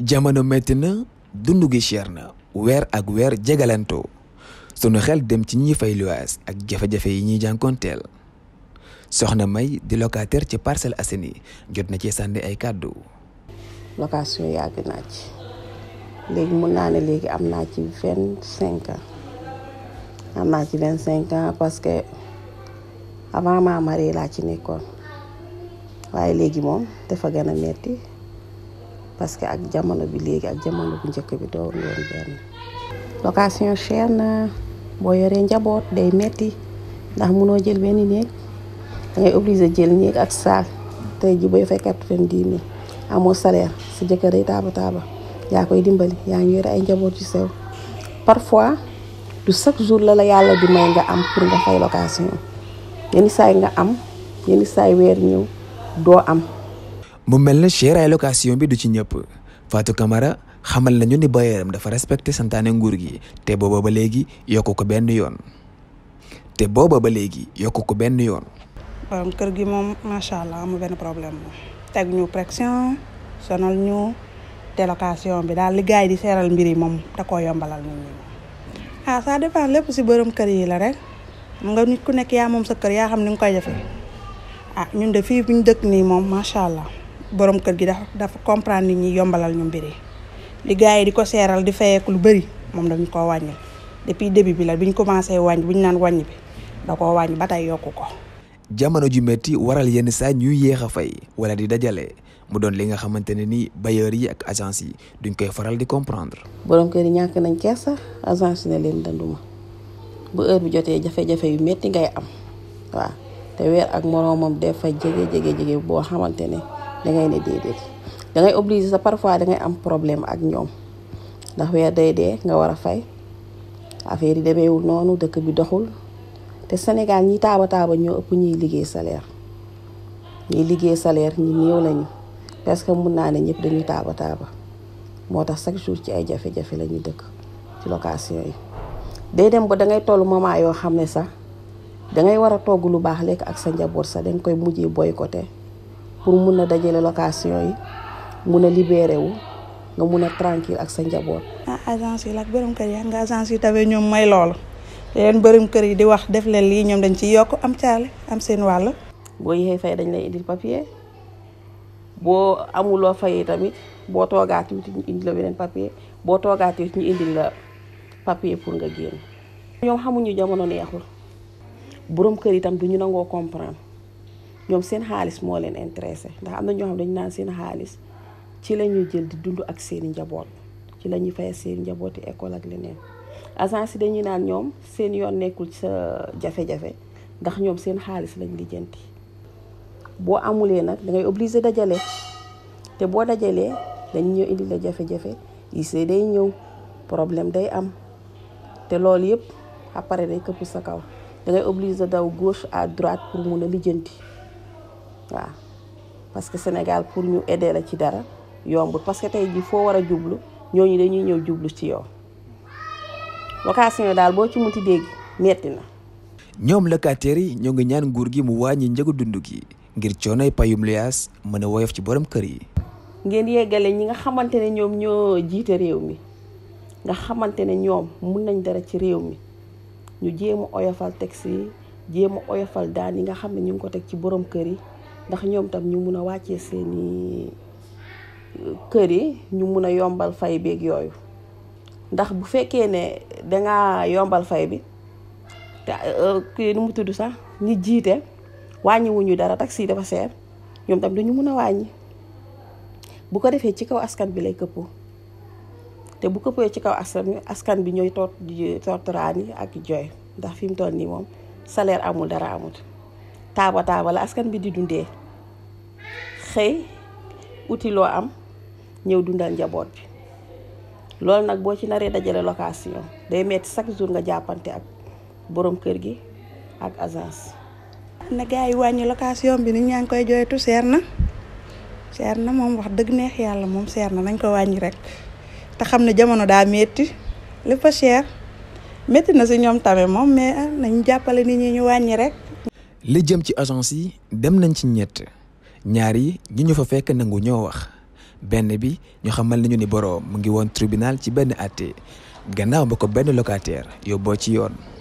jamono métti na dund gi cher na weer ak weer jegalantoo sunu xel dem ci ñi fay luwaas ak jafe-jafe yi ñuy jànkoonteel soxna May di locataire ci Parcelles Assainies jot na ci sànni ay kàddu. lokation yàgg naa ci léegi mun naa ne léegi am naa ci vingt cinq ans am naa ci vingt cinq ans parce que avant ma marié laa ci nekkoon waaye léegi moom dafa gën a metti parce que ak jamono bi léegi ak jamono bu njëkk bi doo woon benn location cher na boo yoree njaboot day metti ndax mu noo jël benn néeg dangay obligé jël néeg ak saal tey ji booy fay quatre-vingt-dix mille amoo salaire si jëkkër day taaba taaba yaa koy dimbali yaa ngi ay njaboot yu sew parfois du chaque jour lala yàlla di may nga am pour nga fay location yenn saay nga am yenn saay weer ñëw doo am mu mel na chère allocation bi du ci ñëpp Fatou Camara xamal nañu di bayeeram dafa respecté santaane nguur gi te booba ba léegi yokku ko benn yoon te booba ba léegi yokku ko benn yoon. borom kër gi moom macha allah amul benn problème moom teg ñu pression sonal ñu délocation bi daal li gars yi di seeral mbir yi moom da koo yombalal nit ñi ah lépp si borom kër yi la rek nga nit ku nekk yaa moom sa kër yaa xam ni nga koy defee ah ñun de fii bu ñu dëkk nii moom macha allah. borom kër gi dafa dafa comprendre nit ñi yombalal ñu mbir yi li gars yi di ko seeral di fayeeku lu bëri moom dañ koo wàññil depuis début bi la bi ñu commencé bu ñu naan wàññi da koo wàññi ba tey yokku ko. jamono ju metti waral yenn saa ñuy yéex a fay wala di dajale mu doon li nga xamante ne ni bailleurs yi ak agence yi duñ koy faral di comprendre. borom kër yi ñàkk nañ kersa agence ne leen danduma bu heure bi jotee jafe yu metti ngay am waaw te weer ak moroomam dafa jege jege jege boo xamante ne. da ngay ne déedéet da obligé sa parfois da ngay am problème ak ñoom ndax weer day dee nga war a fay affaire yi demeewul noonu dëkk bi doxul te Sénégal ñi taaba taaba ñoo ëpp ñuy liggéey salaire ñuy liggéey salaire ñi néew lañu parce que mun naa ne ñëpp dañuy taaba taaba moo tax chaque jour ci ay jafe-jafe la ñuy dëkk ci location yi. day dem ba dangay tollu moment yoo xam ne sax dangay war a togg lu baax lekk ak sa njaboot sax danga koy mujjee boycotté. pour mun a dajale location yi mun a libéré wu nga mun a tranquille ak sa njaboot. ah agence yi la ak kër yi nga agence yi tamit ñoom may loolu leen borom kër yi di wax def leen lii ñoom dañ ci yokk am caale am seen wàll. boo yéexee fay dañ lay indil papier boo amuloo fay tamit boo toogaat tuuti ñu indil la beneen papier boo toogaat tuuti ñu indil la papier pour nga génn. ñoom xamuñu jamono neexul borom kër yi tam du ñu nangoo comprendre. ñoom seen xaalis moo leen intéressé ndax am na ñoo xam dañu naan seen xaalis ci la ñuy jël di dund ak seeni njaboot ci lañuy ñuy fay seen njabooti école ak leneen agence yi dañuy naan ñoom seen yoon nekkul ci sa jafe-jafe ndax ñoom seen xaalis lañ lijjanti boo amulee nag dangay obligé dajale te boo dajalee dañ ñëw indi la jafe-jafe yi day ñëw problème day am te loolu yëpp après day këpp sa kaw dangay obligé daw gauche à droite pour mun a lijjanti. waaw parce que Sénégal pour ñu aider la ci dara yombul parce que tey jii foo war a jublu ñooñu dañuy ñëw jublu ci yow location daal boo ci munti dégg metti na. ñoom locataires yi ñoo ngi ñaan nguur gi mu wàññi njëgu dund gi ngir coonoy payum luyaas mën woyof ci boroom kër yi. ngeen yeggale ñi nga xamante ne ñoom ñoo jiite réew mi nga xamante ne ñoom mun nañ dara ci réew mi ñu jéem a oyofal teg si jéem a oyofal daan yi nga xam ne ñu ngi ko teg ci borom kër yi. ndax ñoom tam ñu mun a wàccee seeni euh, kër yi ñu mun a yombal fay beeg yooyu ndax bu fekkee ne dangaa yombal fay bi te euh, kii nu mu tudd sax ni jiite wàññiwuñu dara taxi yi dafa seer ñoom tam dañu mun a wàññi bu ko defee ci kaw askan bi lay këppoo te bu këppoo ci kaw askan bi askan bi ñooy toot yi ak jooy ndax fi mu toll nii moom salaire amul dara amut taaba taaba la askan bi di dundee xëy uti loo am ñëw dundal njaboot bi loolu nag boo ci naree dajale location day metti chaque jour nga jàppante ak boroom kër gi ak agence na gars yi wàññi location bi nit ñaa ngi koy jooytu seer na seer na moom wax dëgg neex yàlla moom seer na nañ ko wàññi rek te xam ne jamono daa metti lépp a cher na si ñoom tamit moom mais nañ jàppale nit ñi ñu wàññi rek li jëm ci agence yi dem nañ ci ñett ñaar yi ñi ñu fa fekk nangu ñoo wax benn bi ñu xamal nañu ni boroom mu ngi woon tribunal ci benn àtte gannaaw ba ko benn locataire yóbboo ci yoon